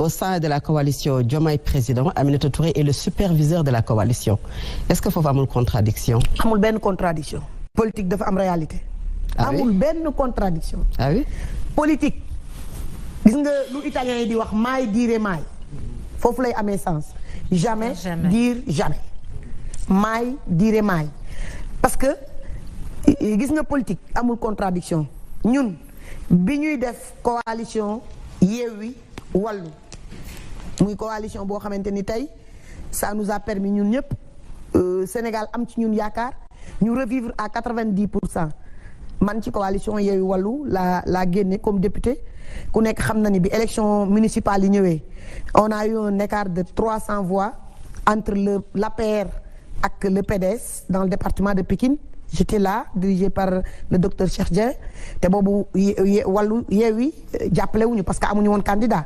au sein de la coalition Diomaye Président Aminata Touré le superviseur de la coalition est-ce que foofu amul contradiction amul benn contradiction politique dafa am réalité ah amul benn contradiction ah oui gis nga lu italien yi di wax mai dire mai foofu lay amee sens jamais dire jamais mai dire mai parce que gis nga politique amul contradiction ñun bi ñuy def coalition Yewwi Wallu muy coalition boo xamante ni tey ça nous a permis ñun ñëpp euh, Sénégal am ci ñun yaakaar ñu revivre à quatre vingt pour cent man ci coalition Yewwi Wallu la la génne comme député ku nekk xam na ni bi élection municipale yi ñëwee on a eu un écart de trois cents voix entre le l'APR ak le PDS dans le département de Pikine j'étais la dirigé par le docteur Cheikh Dieng te boobu Wallu Yewwi euh, jàppale wuñu parce que amuñu woon candidat